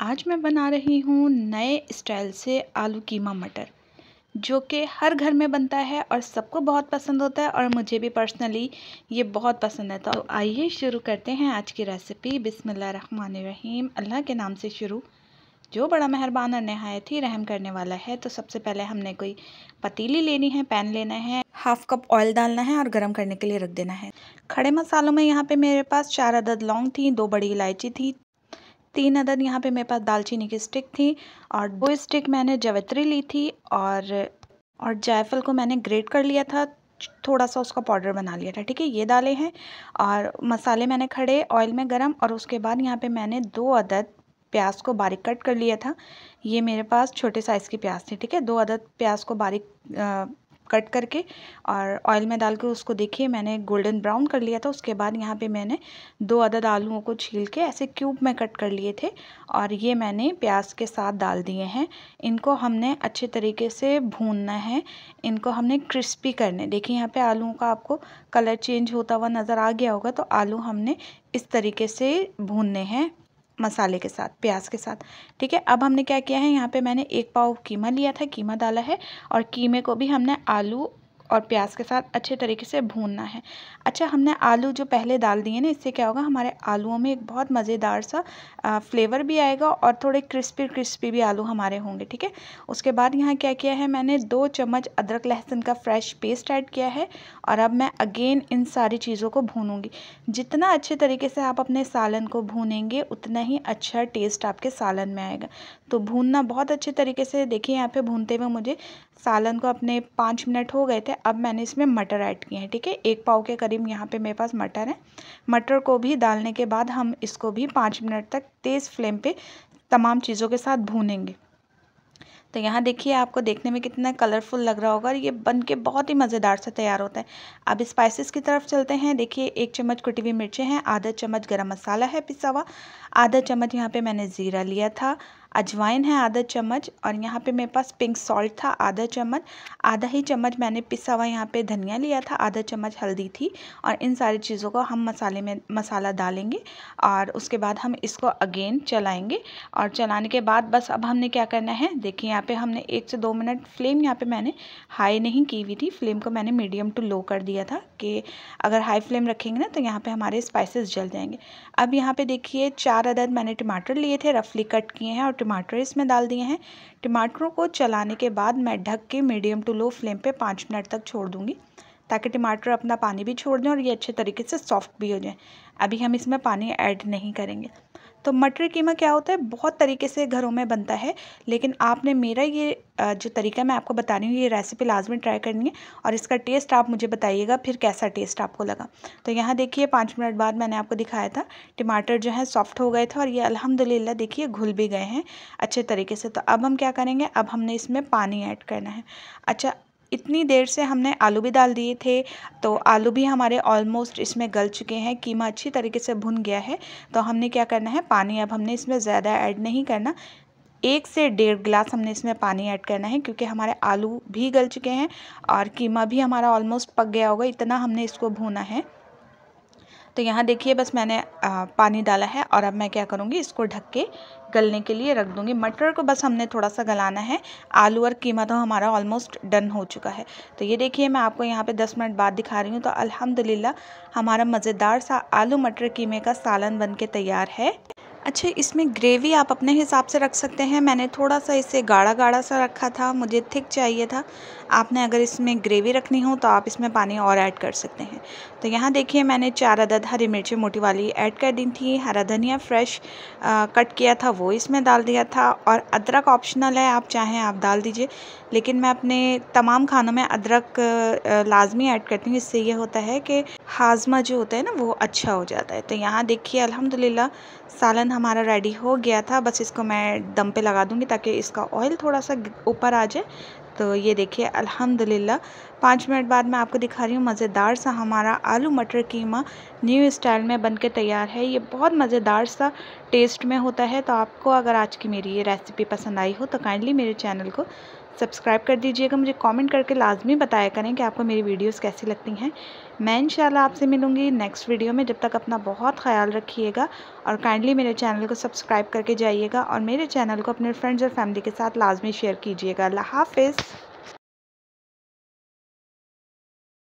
आज मैं बना रही हूँ नए स्टाइल से आलू कीमा मटर जो कि हर घर में बनता है और सबको बहुत पसंद होता है और मुझे भी पर्सनली ये बहुत पसंद है तो आइए शुरू करते हैं आज की रेसिपी बिसमीम अल्लाह के नाम से शुरू जो बड़ा मेहरबान और नहायत ही रहम करने वाला है तो सबसे पहले हमने कोई पतीली लेनी है पैन लेना है हाफ कप ऑयल डालना है और गरम करने के लिए रख देना है खड़े मसालों में यहाँ पे मेरे पास चार अदद लौंग थी दो बड़ी इलायची थी तीन अदद यहाँ पे मेरे पास दालचीनी की स्टिक थी और दो स्टिक मैंने जवित्री ली थी और और जायफल को मैंने ग्रेट कर लिया था थोड़ा सा उसका पाउडर बना लिया था ठीक है ये दालें हैं और मसाले मैंने खड़े ऑयल में गरम और उसके बाद यहाँ पे मैंने दो अदद प्याज को बारीक कट कर लिया था ये मेरे पास छोटे साइज़ की प्याज थी ठीक है दो अदद प्याज को बारीक कट करके और ऑयल में डाल के उसको देखिए मैंने गोल्डन ब्राउन कर लिया था उसके बाद यहाँ पे मैंने दो अदद आलूओं को छील के ऐसे क्यूब में कट कर लिए थे और ये मैंने प्याज के साथ डाल दिए हैं इनको हमने अच्छे तरीके से भूनना है इनको हमने क्रिस्पी करने देखिए यहाँ पे आलूओं का आपको कलर चेंज होता हुआ नज़र आ गया होगा तो आलू हमने इस तरीके से भूनने हैं मसाले के साथ प्याज के साथ ठीक है अब हमने क्या किया है यहाँ पे मैंने एक पाव कीमा लिया था कीमा डाला है और कीमे को भी हमने आलू और प्याज के साथ अच्छे तरीके से भूनना है अच्छा हमने आलू जो पहले डाल दिए ना इससे क्या होगा हमारे आलूओं में एक बहुत मज़ेदार सा फ्लेवर भी आएगा और थोड़े क्रिस्पी क्रिस्पी भी आलू हमारे होंगे ठीक है उसके बाद यहाँ क्या किया है मैंने दो चम्मच अदरक लहसुन का फ्रेश पेस्ट ऐड किया है और अब मैं अगेन इन सारी चीज़ों को भूनूंगी जितना अच्छे तरीके से आप अपने सालन को भूनेंगे उतना ही अच्छा टेस्ट आपके सालन में आएगा तो भूनना बहुत अच्छे तरीके से देखिए यहाँ पर भूनते हुए मुझे सालन को अपने पाँच मिनट हो गए थे अब मैंने इसमें मटर ऐड किए हैं ठीक है एक पाव के करीब यहाँ पे मेरे पास मटर है मटर को भी डालने के बाद हम इसको भी पाँच मिनट तक तेज़ फ्लेम पे तमाम चीज़ों के साथ भूनेंगे तो यहाँ देखिए आपको देखने में कितना कलरफुल लग रहा होगा ये बन के बहुत ही मज़ेदार से तैयार होता है अब स्पाइसेस की तरफ चलते हैं देखिए एक चम्मच कुटी हुई मिर्चें हैं आधा चम्मच गरम मसाला है पिसा हुआ आधा चम्मच यहाँ पे मैंने ज़ीरा लिया था अजवाइन है आधा चम्मच और यहाँ पे मेरे पास पिंक सॉल्ट था आधा चम्मच आधा ही चम्मच मैंने पिसा हुआ यहाँ पे धनिया लिया था आधा चम्मच हल्दी थी और इन सारी चीज़ों को हम मसाले में मसाला डालेंगे और उसके बाद हम इसको अगेन चलाएंगे और चलाने के बाद बस अब हमने क्या करना है देखिए यहाँ पर हमने एक से दो मिनट फ्लेम यहाँ पर मैंने हाई नहीं की हुई थी फ्लेम को मैंने मीडियम टू लो कर दिया था कि अगर हाई फ्लेम रखेंगे ना तो यहाँ पर हमारे स्पाइसेस जल जाएंगे अब यहाँ पर देखिए चार अदद मैंने टमाटर लिए थे रफली कट किए हैं और टमाटर इसमें डाल दिए हैं टमाटरों को चलाने के बाद मैं ढक के मीडियम टू लो फ्लेम पे पाँच मिनट तक छोड़ दूँगी ताकि टमाटर अपना पानी भी छोड़ दें और ये अच्छे तरीके से सॉफ्ट भी हो जाए अभी हम इसमें पानी ऐड नहीं करेंगे तो मटर कीमा क्या होता है बहुत तरीके से घरों में बनता है लेकिन आपने मेरा ये जो तरीका मैं आपको बता रही हूँ ये रेसिपी लाजमी ट्राई करनी है और इसका टेस्ट आप मुझे बताइएगा फिर कैसा टेस्ट आपको लगा तो यहाँ देखिए पाँच मिनट बाद मैंने आपको दिखाया था टमाटर जो है सॉफ्ट हो गए थे और ये अलहमदिल्ला देखिए घुल भी गए हैं अच्छे तरीके से तो अब हम क्या करेंगे अब हमने इसमें पानी ऐड करना है अच्छा इतनी देर से हमने आलू भी डाल दिए थे तो आलू भी हमारे ऑलमोस्ट इसमें गल चुके हैं कीमा अच्छी तरीके से भुन गया है तो हमने क्या करना है पानी अब हमने इसमें ज़्यादा ऐड नहीं करना एक से डेढ़ गिलास हमने इसमें पानी ऐड करना है क्योंकि हमारे आलू भी गल चुके हैं और कीमा भी हमारा ऑलमोस्ट पक गया होगा इतना हमने इसको भूना है तो यहाँ देखिए बस मैंने आ, पानी डाला है और अब मैं क्या करूँगी इसको ढक के गलने के लिए रख दूँगी मटर को बस हमने थोड़ा सा गलाना है आलू और कीमा तो हमारा ऑलमोस्ट डन हो चुका है तो ये देखिए मैं आपको यहाँ पे 10 मिनट बाद दिखा रही हूँ तो अल्हम्दुलिल्लाह हमारा मज़ेदार सा आलू मटर कीमे का सालन बन के तैयार है अच्छा इसमें ग्रेवी आप अपने हिसाब से रख सकते हैं मैंने थोड़ा सा इसे गाढ़ा गाढ़ा सा रखा था मुझे थिक चाहिए था आपने अगर इसमें ग्रेवी रखनी हो तो आप इसमें पानी और ऐड कर सकते हैं तो यहाँ देखिए मैंने चार अदद हरी मिर्ची मोटी वाली ऐड कर दी थी हरा धनिया फ्रेश आ, कट किया था वो इसमें डाल दिया था और अदरक ऑप्शनल है आप चाहें आप डाल दीजिए लेकिन मैं अपने तमाम खानों में अदरक लाजमी ऐड करती हूँ इससे ये होता है कि हाजमा जो होता है ना वो अच्छा हो जाता है तो यहाँ देखिए अल्हम्दुलिल्लाह सालन हमारा रेडी हो गया था बस इसको मैं दम पे लगा दूँगी ताकि इसका ऑयल थोड़ा सा ऊपर आ जाए तो ये देखिए अल्हम्दुलिल्लाह पाँच मिनट बाद मैं आपको दिखा रही हूँ मज़ेदार सा हमारा आलू मटर कीमा न्यू स्टाइल में बन के तैयार है ये बहुत मज़ेदार सा टेस्ट में होता है तो आपको अगर आज की मेरी ये रेसिपी पसंद आई हो तो काइंडली मेरे चैनल को सब्सक्राइब कर दीजिएगा मुझे कमेंट करके लाजमी बताया करें कि आपको मेरी वीडियोस कैसी लगती हैं मैं इंशाल्लाह आपसे मिलूँगी नेक्स्ट वीडियो में जब तक अपना बहुत ख्याल रखिएगा और काइंडली मेरे चैनल को सब्सक्राइब करके जाइएगा और मेरे चैनल को अपने फ्रेंड्स और फैमिली के साथ लाजमी शेयर कीजिएगा अल्लाह हाफिज़